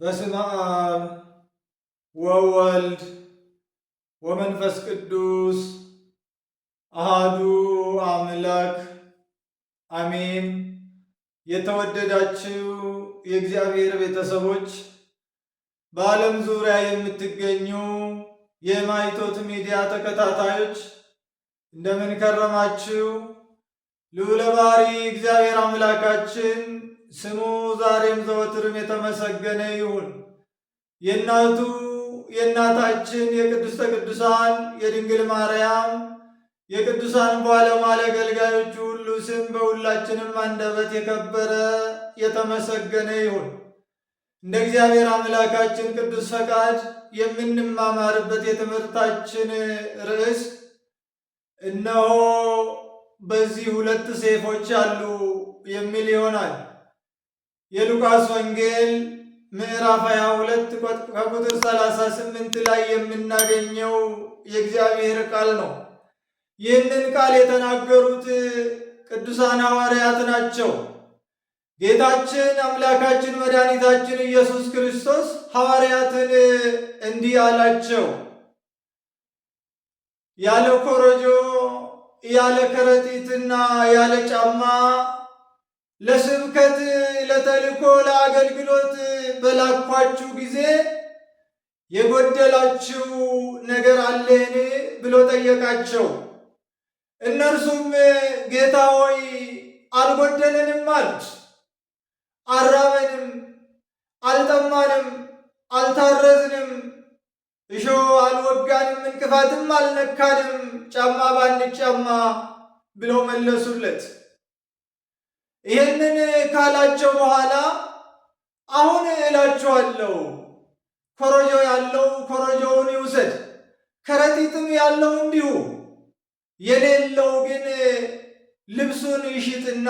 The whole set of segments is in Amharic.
በስመ አብ ወወልድ ወመንፈስ ቅዱስ አሃዱ አምላክ አሜን። የተወደዳችው የእግዚአብሔር ቤተሰቦች በዓለም ዙሪያ የምትገኙ የማይቶት ሚዲያ ተከታታዮች እንደምን ከረማችሁ? ልዑለ እግዚአብሔር አምላካችን ስሙ ዛሬም ዘወትርም የተመሰገነ ይሁን። የእናቱ የእናታችን የቅድስተ ቅዱሳን የድንግል ማርያም የቅዱሳን በዓለማል አገልጋዮቹ ሁሉ ስም በሁላችንም አንደበት የከበረ የተመሰገነ ይሁን። እንደ እግዚአብሔር አምላካችን ቅዱስ ፈቃድ የምንማማርበት የትምህርታችን ርዕስ እነሆ በዚህ ሁለት ሰይፎች አሉ የሚል ይሆናል። የሉቃስ ወንጌል ምዕራፍ 22 ከቁጥር 38 ላይ የምናገኘው የእግዚአብሔር ቃል ነው። ይህንን ቃል የተናገሩት ቅዱሳን ሐዋርያት ናቸው። ጌታችን አምላካችን መድኃኒታችን ኢየሱስ ክርስቶስ ሐዋርያትን እንዲህ አላቸው። ያለ ኮረጆ፣ ያለ ከረጢትና ያለ ጫማ ለስብከት ለተልእኮ ለአገልግሎት በላኳችሁ ጊዜ የጎደላችሁ ነገር አለን ብሎ ጠየቃቸው። እነርሱም ጌታ ሆይ አልጎደለንም አሉት። አራበንም፣ አልጠማንም፣ አልታረዝንም፣ እሾህ አልወጋንም፣ እንቅፋትም አልነካንም፣ ጫማ ጫማ ብለው መለሱለት። ይህንን ካላቸው በኋላ አሁን እላችኋለሁ ኮረጆ ያለው ኮረጆውን ይውሰድ፣ ከረጢትም ያለው እንዲሁ፣ የሌለው ግን ልብሱን ይሽጥና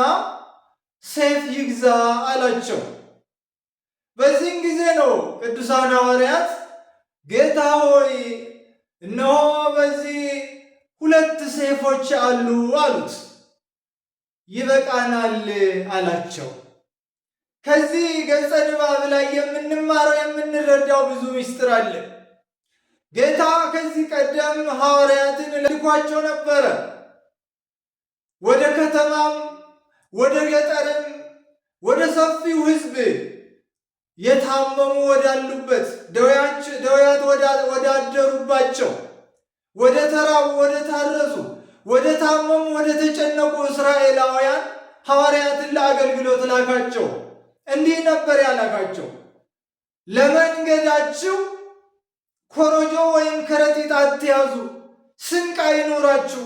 ሰይፍ ይግዛ አላቸው። በዚህም ጊዜ ነው ቅዱሳን ሐዋርያት ጌታ ሆይ እነሆ በዚህ ሁለት ሰይፎች አሉ አሉት። ይበቃናል አላቸው። ከዚህ ገጸ ንባብ ላይ የምንማረው የምንረዳው ብዙ ምስጢር አለ። ጌታ ከዚህ ቀደም ሐዋርያትን ልኳቸው ነበረ። ወደ ከተማም ወደ ገጠርም ወደ ሰፊው ሕዝብ የታመሙ ወዳሉበት፣ ደውያት ወዳደሩባቸው፣ ወደ ተራቡ፣ ወደ ታረዙ ወደ ታመሙ ወደ ተጨነቁ እስራኤላውያን ሐዋርያትን ለአገልግሎት ላካቸው። እንዲህ ነበር ያላካቸው፣ ለመንገዳችሁ ኮረጆ ወይም ከረጢት አትያዙ፣ ስንቅ አይኖራችሁ፣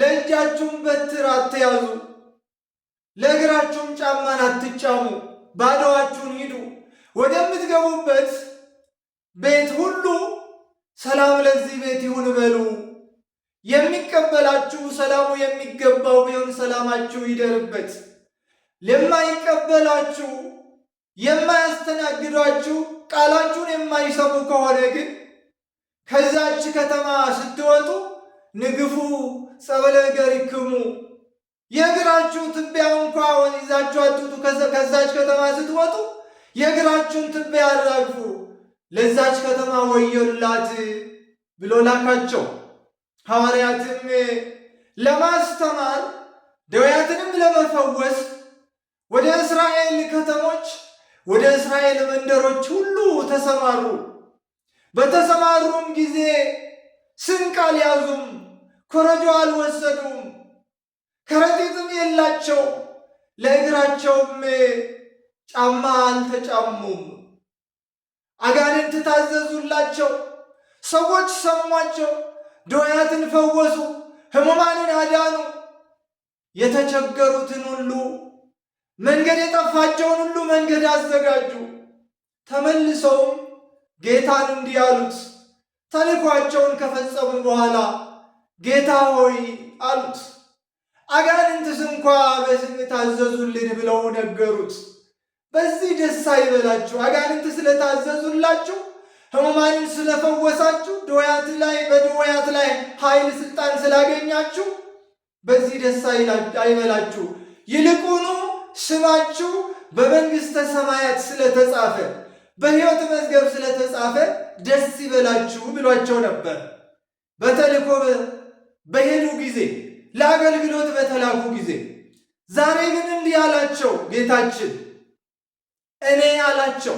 ለእጃችሁም በትር አትያዙ፣ ለእግራችሁም ጫማን አትጫሙ፣ ባዶዋችሁን ሂዱ። ወደምትገቡበት ቤት ሁሉ ሰላም ለዚህ ቤት ይሁን በሉ የሚቀበላችሁ ሰላሙ የሚገባው ቢሆን ሰላማችሁ ይደርበት። ለማይቀበላችሁ የማያስተናግዷችሁ ቃላችሁን የማይሰሙ ከሆነ ግን ከዛች ከተማ ስትወጡ ንግፉ ጸበለ እገሪክሙ የእግራችሁ ትቢያ እንኳ ይዛችሁ አትውጡ። ከዛች ከተማ ስትወጡ የእግራችሁን ትቢያ አራግፉ። ለዛች ከተማ ወዮላት ብሎ ላካቸው። ሐዋርያትም ለማስተማር ደውያትንም ለመፈወስ ወደ እስራኤል ከተሞች ወደ እስራኤል መንደሮች ሁሉ ተሰማሩ። በተሰማሩም ጊዜ ስንቅ አልያዙም፣ ኮረጆ አልወሰዱም፣ ከረጢትም የላቸው፣ ለእግራቸውም ጫማ አልተጫሙም። አጋንንት ታዘዙላቸው፣ ሰዎች ሰሟቸው። ድውያትን ፈወሱ፣ ሕሙማንን አዳኑ፣ የተቸገሩትን ሁሉ መንገድ የጠፋቸውን ሁሉ መንገድ አዘጋጁ። ተመልሰውም ጌታን እንዲህ አሉት፣ ተልኳቸውን ከፈጸሙ በኋላ ጌታ ሆይ አሉት። አጋንንትስ እንኳ በስም ታዘዙልን ብለው ነገሩት። በዚህ ደስ አይበላችሁ፣ አጋንንት ስለታዘዙላችሁ ሕሙማንን ስለፈወሳችሁ፣ ድውያት ላይ በድውያት ላይ ኃይል ስልጣን ስላገኛችሁ በዚህ ደስ አይበላችሁ፣ ይልቁኑ ስማችሁ በመንግሥተ ሰማያት ስለተጻፈ በሕይወት መዝገብ ስለተጻፈ ደስ ይበላችሁ ብሏቸው ነበር። በተልኮ በሄዱ ጊዜ ለአገልግሎት በተላኩ ጊዜ። ዛሬ ግን እንዲህ አላቸው ጌታችን፣ እኔ አላቸው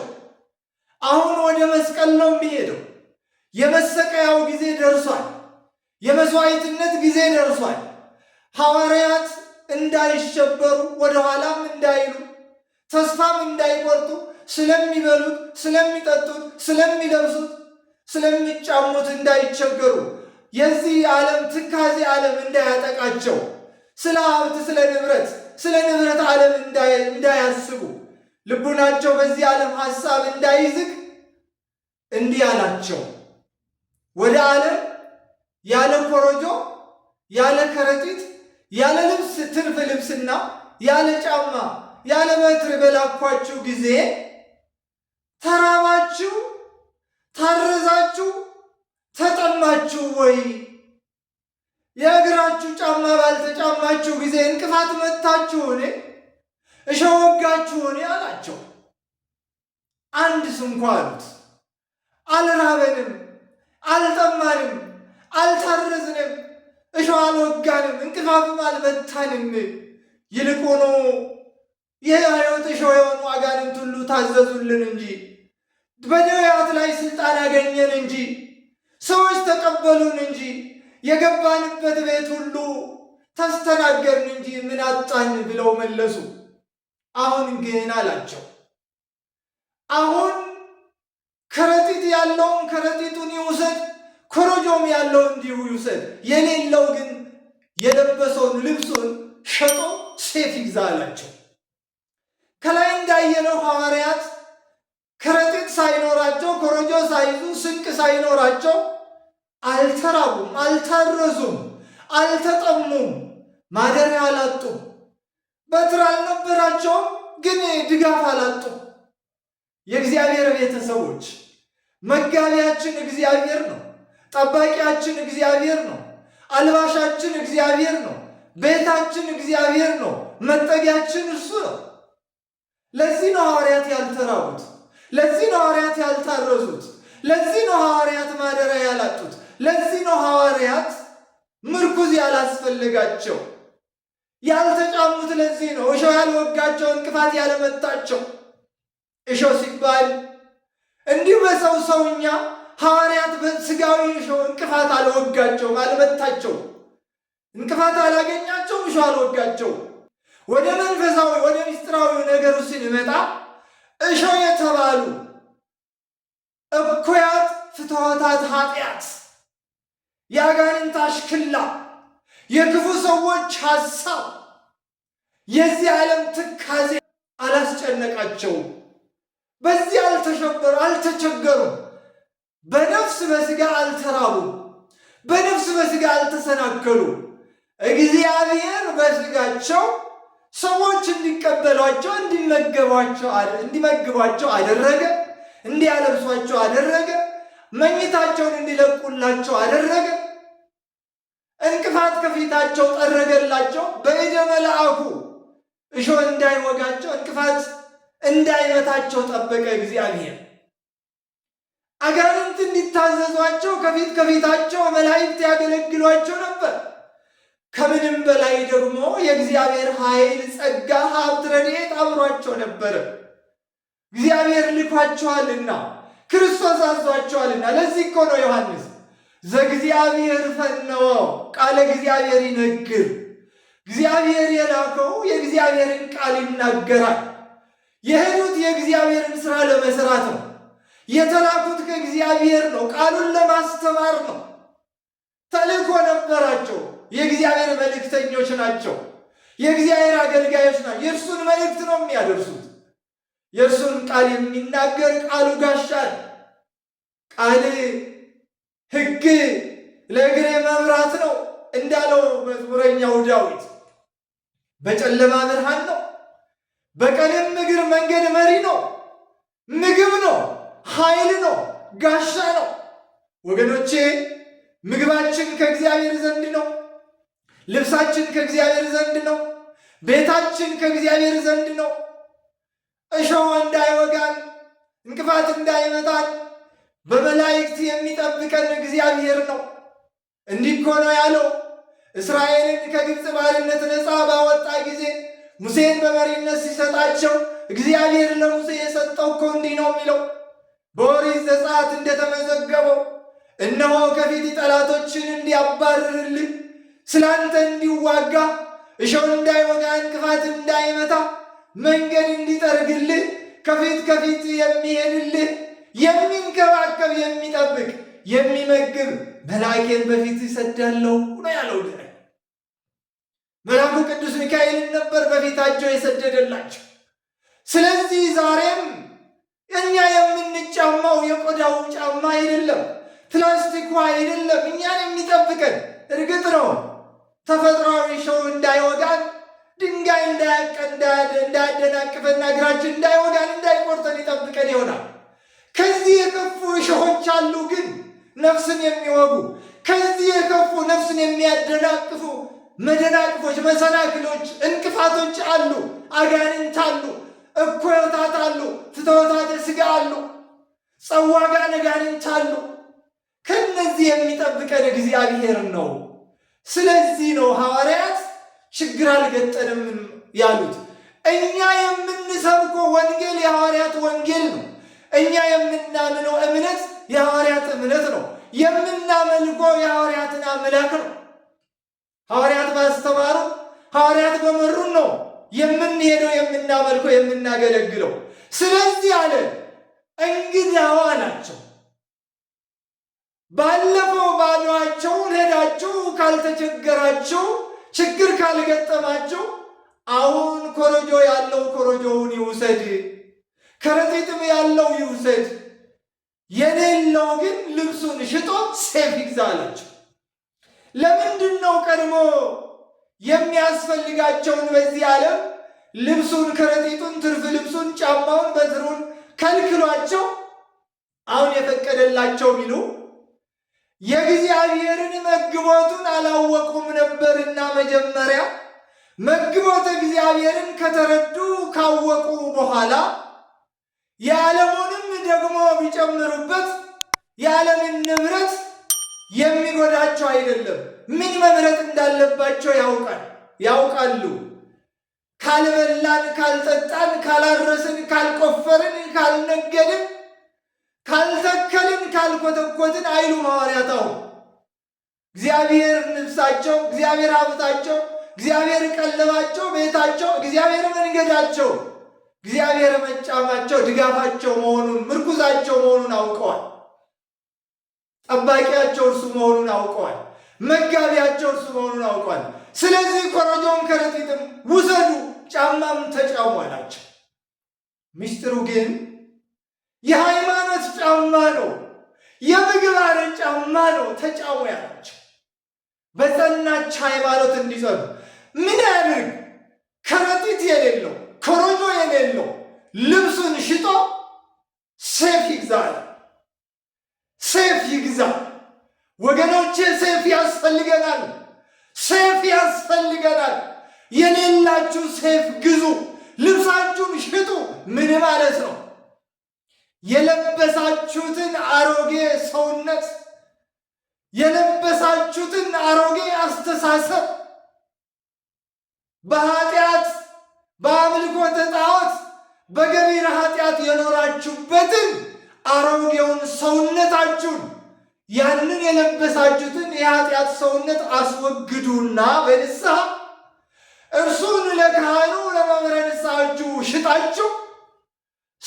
አሁን ወደ መስቀል ነው የሚሄደው። የመሰቀያው ጊዜ ደርሷል። የመስዋዕትነት ጊዜ ደርሷል። ሐዋርያት እንዳይሸበሩ ወደኋላም እንዳይሉ ተስፋም እንዳይቆርጡ ስለሚበሉት፣ ስለሚጠጡት፣ ስለሚለብሱት፣ ስለሚጫሙት እንዳይቸገሩ የዚህ ዓለም ትካዜ ዓለም እንዳያጠቃቸው ስለ ሀብት ስለ ንብረት ስለ ንብረት ዓለም እንዳያስቡ ልቡናቸው በዚህ ዓለም ሐሳብ እንዳይዝግ እንዲህ አላቸው። ወደ ዓለም ያለ ኮረጆ፣ ያለ ከረጢት፣ ያለ ልብስ ትርፍ ልብስና ያለ ጫማ፣ ያለ በትር በላኳችሁ ጊዜ ተራባችሁ፣ ታረዛችሁ፣ ተጠማችሁ ወይ? የእግራችሁ ጫማ ባልተጫማችሁ ጊዜ እንቅፋት መታችሁን? እሸወጋችሁን አላቸው። አንድ ስንኳ አሉት አልራበንም፣ አልጠማንም፣ አልታረዝንም፣ እሸው አልወጋንም፣ እንቅፋፍም አልበታንም። ይልቁኑ የሕይወት እሾህ የሆኑ አጋንንት ሁሉ ታዘዙልን እንጂ በነቢያት ላይ ስልጣን አገኘን እንጂ ሰዎች ተቀበሉን እንጂ የገባንበት ቤት ሁሉ ተስተናገርን እንጂ ምን አጣን ብለው መለሱ። አሁን ግን አላቸው፣ አሁን ከረጢት ያለውን ከረጢቱን ይውሰድ፣ ኮረጆም ያለው እንዲሁ ይውሰድ፣ የሌለው ግን የለበሰውን ልብሱን ሸጦ ሴት ይግዛ አላቸው። ከላይ እንዳየነው ሐዋርያት ከረጢት ሳይኖራቸው ኮረጆ ሳይዙ ስንቅ ሳይኖራቸው አልተራቡም፣ አልታረዙም፣ አልተጠሙም፣ ማደሪያ አላጡም። በትር አልነበራቸውም፣ ግን ድጋፍ አላጡ። የእግዚአብሔር ቤተሰቦች መጋቢያችን እግዚአብሔር ነው። ጠባቂያችን እግዚአብሔር ነው። አልባሻችን እግዚአብሔር ነው። ቤታችን እግዚአብሔር ነው። መጠጊያችን እሱ ነው። ለዚህ ነው ሐዋርያት ያልተራቡት። ለዚህ ነው ሐዋርያት ያልታረዙት። ለዚህ ነው ሐዋርያት ማደሪያ ያላጡት። ለዚህ ነው ሐዋርያት ምርኩዝ ያላስፈልጋቸው። ያልተጫሙት ለዚህ ነው። እሾህ ያልወጋቸው እንቅፋት ያለመታቸው። እሾህ ሲባል እንዲሁ በሰው ሰውኛ ሐዋርያት በስጋዊ እሾህ እንቅፋት አልወጋቸውም፣ አልመታቸው እንቅፋት አላገኛቸው፣ እሾህ አልወጋቸው ወደ መንፈሳዊ ወደ ምስጢራዊ ነገሩ ስንመጣ እሾህ የተባሉ እኩያት ፍትወታት ኃጢአት የአጋንንት አሽክላ የክፉ ሰዎች ሐሳብ የዚህ ዓለም ትካዜ አላስጨነቃቸውም። በዚህ አልተሸበሩ፣ አልተቸገሩም። በነፍስ በስጋ አልተራቡ በነፍስ በስጋ አልተሰናከሉ እግዚአብሔር በስጋቸው ሰዎች እንዲቀበሏቸው እንዲመግቧቸው አደረገ። እንዲያለብሷቸው አደረገ። መኝታቸውን እንዲለቁላቸው አደረገ። ክፋት ከፊታቸው ጠረገላቸው። በእደ መልአኩ እሾህ እንዳይወጋቸው እንቅፋት እንዳይመታቸው ጠበቀ እግዚአብሔር። አጋንንት እንዲታዘዟቸው ከፊት ከፊታቸው መላእክት ያገለግሏቸው ነበር። ከምንም በላይ ደግሞ የእግዚአብሔር ኃይል፣ ጸጋ፣ ሀብት፣ ረድኤት አብሯቸው ነበረ። እግዚአብሔር ልኳቸዋልና ክርስቶስ አዟቸዋልና። ለዚህ እኮ ነው ዮሐንስ ዘእግዚአብሔር ፈነወ ቃለ እግዚአብሔር ይነግር። እግዚአብሔር የላከው የእግዚአብሔርን ቃል ይናገራል። የሄዱት የእግዚአብሔርን ሥራ ለመስራት ነው። የተላኩት ከእግዚአብሔር ነው። ቃሉን ለማስተማር ነው። ተልእኮ ነበራቸው። የእግዚአብሔር መልእክተኞች ናቸው። የእግዚአብሔር አገልጋዮች ናቸው። የእርሱን መልእክት ነው የሚያደርሱት። የእርሱን ቃል የሚናገር ቃሉ ጋሻል ቃል ሕግ ለእግሬ መብራት ነው እንዳለው መዝሙረኛው ዳዊት በጨለማ ብርሃን ነው፣ በቀንም እግር መንገድ መሪ ነው፣ ምግብ ነው፣ ኃይል ነው፣ ጋሻ ነው። ወገኖቼ ምግባችን ከእግዚአብሔር ዘንድ ነው። ልብሳችን ከእግዚአብሔር ዘንድ ነው። ቤታችን ከእግዚአብሔር ዘንድ ነው። እሾህ እንዳይወጋን፣ እንቅፋት እንዳይመጣን! በመላእክት የሚጠብቀን እግዚአብሔር ነው። እንዲህ እኮ ነው ያለው። እስራኤልን ከግብፅ ባርነት ነፃ ባወጣ ጊዜ ሙሴን በመሪነት ሲሰጣቸው እግዚአብሔር ለሙሴ የሰጠው እኮ እንዲህ ነው የሚለው በኦሪት ዘጸአት እንደተመዘገበው እነሆ ከፊት ጠላቶችን እንዲያባርርልህ ስላንተ እንዲዋጋ እሾህ እንዳይወጋ እንቅፋት እንዳይመታ መንገድ እንዲጠርግልህ ከፊት ከፊት የሚሄድልህ የሚንከባከብ የሚጠብቅ የሚመግብ መልአኬን በፊት ይሰዳለው ነው ያለው። መልአኩ ቅዱስ ሚካኤልን ነበር በፊታቸው የሰደደላቸው። ስለዚህ ዛሬም እኛ የምንጫማው የቆዳው ጫማ አይደለም፣ ፕላስቲኩ አይደለም። እኛን የሚጠብቀን እርግጥ ነው ተፈጥሯዊ ሰው እንዳይወጋን ድንጋይ እንዳያደናቅፈና እግራችን እንዳይወጋን እንዳይቆርጠን ይጠብቀን ይሆናል። ከዚህ የከፉ እሾሆች አሉ ግን ነፍስን የሚወጉ ከዚህ የከፉ ነፍስን የሚያደናቅፉ መደናቅፎች፣ መሰናክሎች፣ እንቅፋቶች አሉ። አጋንንት አሉ፣ እኩዮታት አሉ፣ ፍትወታተ ሥጋ አሉ፣ ጸዋጋን አጋንንት አሉ። ከነዚህ የሚጠብቀን እግዚአብሔር ነው። ስለዚህ ነው ሐዋርያት ችግር አልገጠንም ያሉት። እኛ የምንሰብኮ ወንጌል የሐዋርያት ወንጌል ነው። እኛ የምናምነው እምነት የሐዋርያት እምነት ነው። የምናመልከው የሐዋርያትን አምላክ ነው። ሐዋርያት ባስተማሩ ሐዋርያት በመሩን ነው የምንሄደው፣ የምናመልከው፣ የምናገለግለው። ስለዚህ አለ እንግዳዋ ናቸው። ባለፈው ባሏቸው ሄዳችሁ ካልተቸገራችሁ ችግር ካልገጠማችሁ አሁን ኮረጆ ያለው ኮረጆውን ይውሰድ ከረጢትም ያለው ይውሰድ፣ የሌለው ግን ልብሱን ሽጦ ሴፍ ይግዛ ለምንድን ነው ቀድሞ የሚያስፈልጋቸውን በዚህ ዓለም ልብሱን፣ ከረጢቱን፣ ትርፍ ልብሱን፣ ጫማውን፣ በትሩን ከልክሏቸው አሁን የፈቀደላቸው ቢሉ የእግዚአብሔርን መግቦቱን አላወቁም ነበርና መጀመሪያ መግቦት እግዚአብሔርን ከተረዱ ካወቁ በኋላ የዓለሙንም ደግሞ ቢጨምሩበት የዓለምን ንብረት የሚጎዳቸው አይደለም። ምን መምረጥ እንዳለባቸው ያውቃል ያውቃሉ። ካልበላን፣ ካልጠጣን፣ ካላረስን፣ ካልቆፈርን፣ ካልነገድን፣ ካልተከልን፣ ካልኮተኮትን አይሉ ሐዋርያት። እግዚአብሔር ልብሳቸው፣ እግዚአብሔር ሀብታቸው፣ እግዚአብሔር ቀለባቸው፣ ቤታቸው፣ እግዚአብሔር መንገዳቸው እግዚአብሔር መጫማቸው ድጋፋቸው መሆኑን ምርኩዛቸው መሆኑን አውቀዋል። ጠባቂያቸው እርሱ መሆኑን አውቀዋል። መጋቢያቸው እርሱ መሆኑን አውቀዋል። ስለዚህ ኮረጆም ከረጢትም ውሰዱ፣ ጫማም ተጫሙ አላቸው። ምስጢሩ ግን የሃይማኖት ጫማ ነው፣ የምግባር ጫማ ነው። ተጫሙ ያላቸው በጸናች ሃይማኖት እንዲጸኑ ምን ያድርግ ከረጢት የሌለው ኮረጆ የሌለው ልብሱን ሽጦ ሴፍ ይግዛል። ሴፍ ይግዛ። ወገኖቼ ሴፍ ያስፈልገናል። ሴፍ ያስፈልገናል። የሌላችሁ ሴፍ ግዙ። ልብሳችሁን ሽጡ። ምን ማለት ነው? የለበሳችሁትን አሮጌ ሰውነት፣ የለበሳችሁትን አሮጌ አስተሳሰብ በኃጢአት በአምልኮተ ጣዖት በገቢረ ኃጢአት የኖራችሁበትን አሮጌውን ሰውነታችሁን ያንን የለበሳችሁትን የኃጢአት ሰውነት አስወግዱና በንስሐ እርሱን ለካህኑ ለመምህረ ንስሐችሁ ሽጣችሁ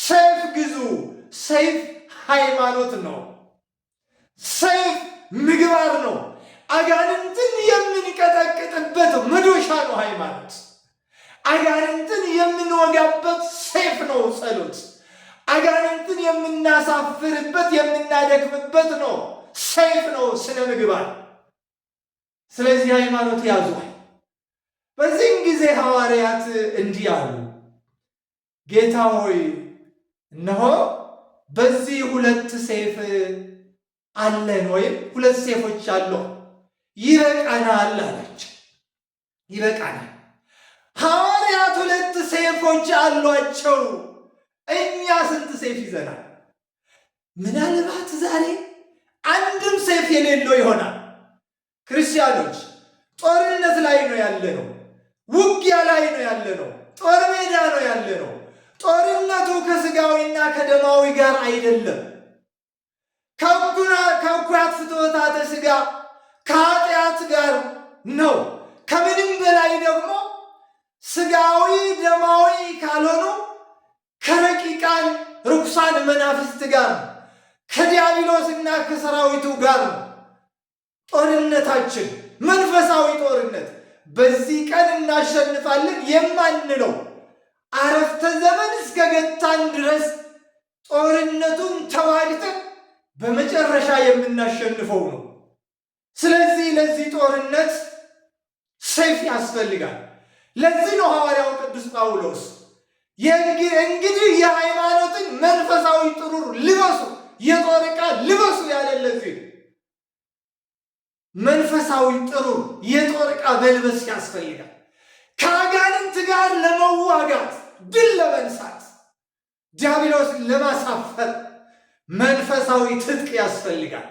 ሰይፍ ግዙ። ሰይፍ ሃይማኖት ነው። ሰይፍ ምግባር ነው። አጋንንትን የምንቀጠቅጥበት መዶሻ ነው ሃይማኖት አጋንንትን የምንወጋበት ሴፍ ነው ጸሎት። አጋንንትን የምናሳፍርበት የምናደክምበት ነው፣ ሴፍ ነው ስነ ምግባር። ስለዚህ ሃይማኖት ያዟል። በዚህም ጊዜ ሐዋርያት እንዲህ አሉ፣ ጌታ ሆይ እነሆ በዚህ ሁለት ሴፍ አለን ወይም ሁለት ሴፎች አለው ይበቃናል አላቸው። ይበቃናል ሐዋርያት ሁለት ሰይፎች አሏቸው። እኛ ስንት ሰይፍ ይዘናል? ምናልባት ዛሬ አንድም ሰይፍ የሌለው ይሆናል። ክርስቲያኖች ጦርነት ላይ ነው ያለ ነው። ውጊያ ላይ ነው ያለ ነው። ጦር ሜዳ ነው ያለ ነው። ጦርነቱ ከስጋዊና ከደማዊ ጋር አይደለም። ከኩራት ፍትወታተ ስጋ ከኃጢአት ጋር ነው። ከምንም በላይ ደግሞ ስጋዊ ደማዊ ካልሆኑ ከረቂቃን ርኩሳን መናፍስት ጋር ከዲያብሎስና ከሰራዊቱ ጋር ጦርነታችን መንፈሳዊ ጦርነት በዚህ ቀን እናሸንፋለን የማንለው አረፍተ ዘመን እስከ ገታን ድረስ ጦርነቱን ተዋግተን በመጨረሻ የምናሸንፈው ነው። ስለዚህ ለዚህ ጦርነት ሰይፍ ያስፈልጋል። ለዚህ ነው ሐዋርያው ቅዱስ ጳውሎስ እንግዲህ የሃይማኖትን መንፈሳዊ ጥሩር ልበሱ፣ የጦር ዕቃ ልበሱ ያለ ለዚህ መንፈሳዊ ጥሩር የጦር ዕቃ መልበስ ያስፈልጋል። ከአጋንንት ጋር ለመዋጋት ድል ለመንሳት ዲያብሎስን ለማሳፈር መንፈሳዊ ትጥቅ ያስፈልጋል።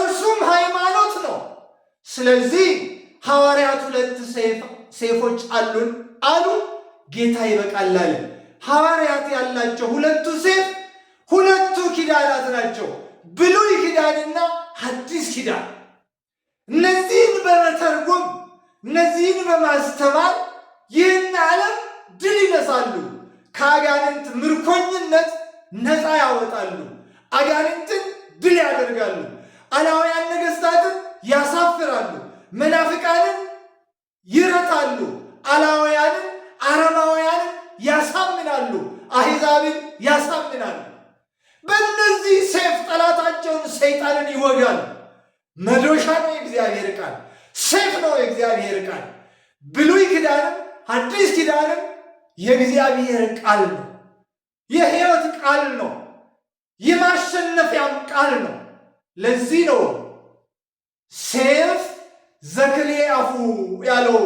እርሱም ሃይማኖት ነው። ስለዚህ ሐዋርያት ሁለት ሰይፍ ሴፎች አሉን አሉ። ጌታ ይበቃል አለ። ሐዋርያት ያላቸው ሁለቱ ሴፍ ሁለቱ ኪዳናት ናቸው፣ ብሉይ ኪዳንና አዲስ ኪዳን። እነዚህን በመተርጎም እነዚህን በማስተማር ይህን ዓለም ድል ይነሳሉ፣ ከአጋንንት ምርኮኝነት ነፃ ያወጣሉ፣ አጋንንትን ድል ያደርጋሉ፣ አላውያን ነገሥታትን ያሳፍራሉ፣ መናፍቃንን ይረታሉ፣ አላውያንን አረማውያንን ያሳምናሉ፣ አሕዛብን ያሳምናሉ። በእነዚህ ሰይፍ ጠላታቸውን ሰይጣንን ይወጋሉ። መዶሻ ነው የእግዚአብሔር ቃል፣ ሰይፍ ነው የእግዚአብሔር ቃል። ብሉይ ኪዳንም አዲስ ኪዳንም የእግዚአብሔር ቃል ነው። የሕይወት ቃል ነው። የማሸነፊያም ቃል ነው። ለዚህ ነው ሰይፍ ዘክሌ አፉ ያለው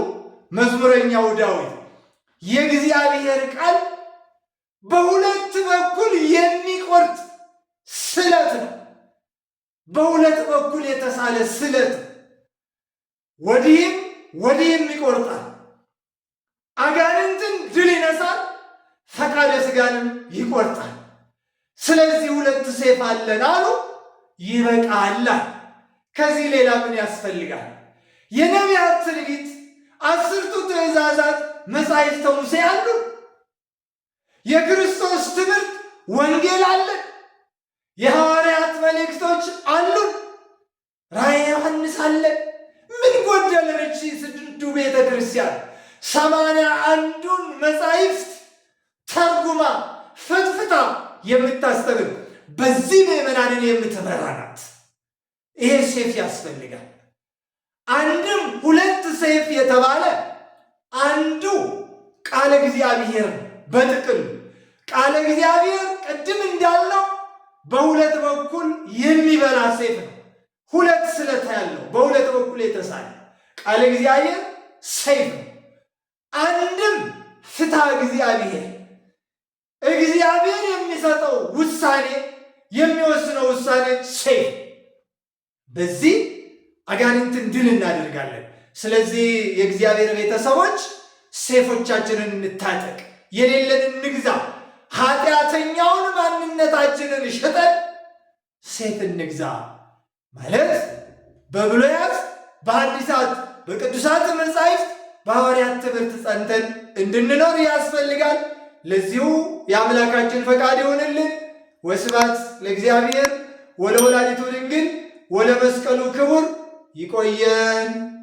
መዝሙረኛው ዳዊት የእግዚአብሔር ቃል በሁለት በኩል የሚቆርጥ ስለት ነው። በሁለት በኩል የተሳለ ስለት ወዲህም ወዲህም ይቆርጣል። አጋንንትን ድል ይነሳል፣ ፈቃደ ስጋንም ይቆርጣል። ስለዚህ ሁለት ሴፍ አለን አሉ። ይበቃላል። ከዚህ ሌላ ምን ያስፈልጋል? የነቢያት ትንቢት፣ አስርቱ ትእዛዛት መጻሕፍተ ሙሴ አሉ። የክርስቶስ ትምህርት ወንጌል አለ። የሐዋርያት መልእክቶች አሉ። ራእየ ዮሐንስ አለ። ምን ርቺ ስድዱ ቤተ ክርስቲያን? ሰማንያ አንዱን መጻሕፍት ተርጉማ ፍትፍታ የምታስተምር በዚህ ምዕመናንን የምትመራ ናት። ይሄ ሴፍ ያስፈልጋል። አንድም ሁለት ሰይፍ የተባለ አንዱ ቃለ እግዚአብሔር በጥቅል ቃለ እግዚአብሔር ቅድም እንዳለው በሁለት በኩል የሚበላ ሰይፍ ነው። ሁለት ስለት ያለው በሁለት በኩል የተሳለ ቃለ እግዚአብሔር ሰይፍ ነው። አንድም ፍትሐ እግዚአብሔር እግዚአብሔር የሚሰጠው ውሳኔ የሚወስነው ውሳኔ ሰይፍ በዚህ አጋንንትን ድል እናደርጋለን። ስለዚህ የእግዚአብሔር ቤተሰቦች ሴፎቻችንን እንታጠቅ፣ የሌለን እንግዛ፣ ኃጢአተኛውን ማንነታችንን ሸጠን ሴፍ እንግዛ ማለት በብሉያት በአዲሳት በቅዱሳት መጻሕፍት በሐዋርያት ትምህርት ጸንተን እንድንኖር ያስፈልጋል። ለዚሁ የአምላካችን ፈቃድ ይሆንልን። ወስባት ለእግዚአብሔር ወለወላዲቱ ድንግል ወለመስቀሉ ክቡር 一根烟。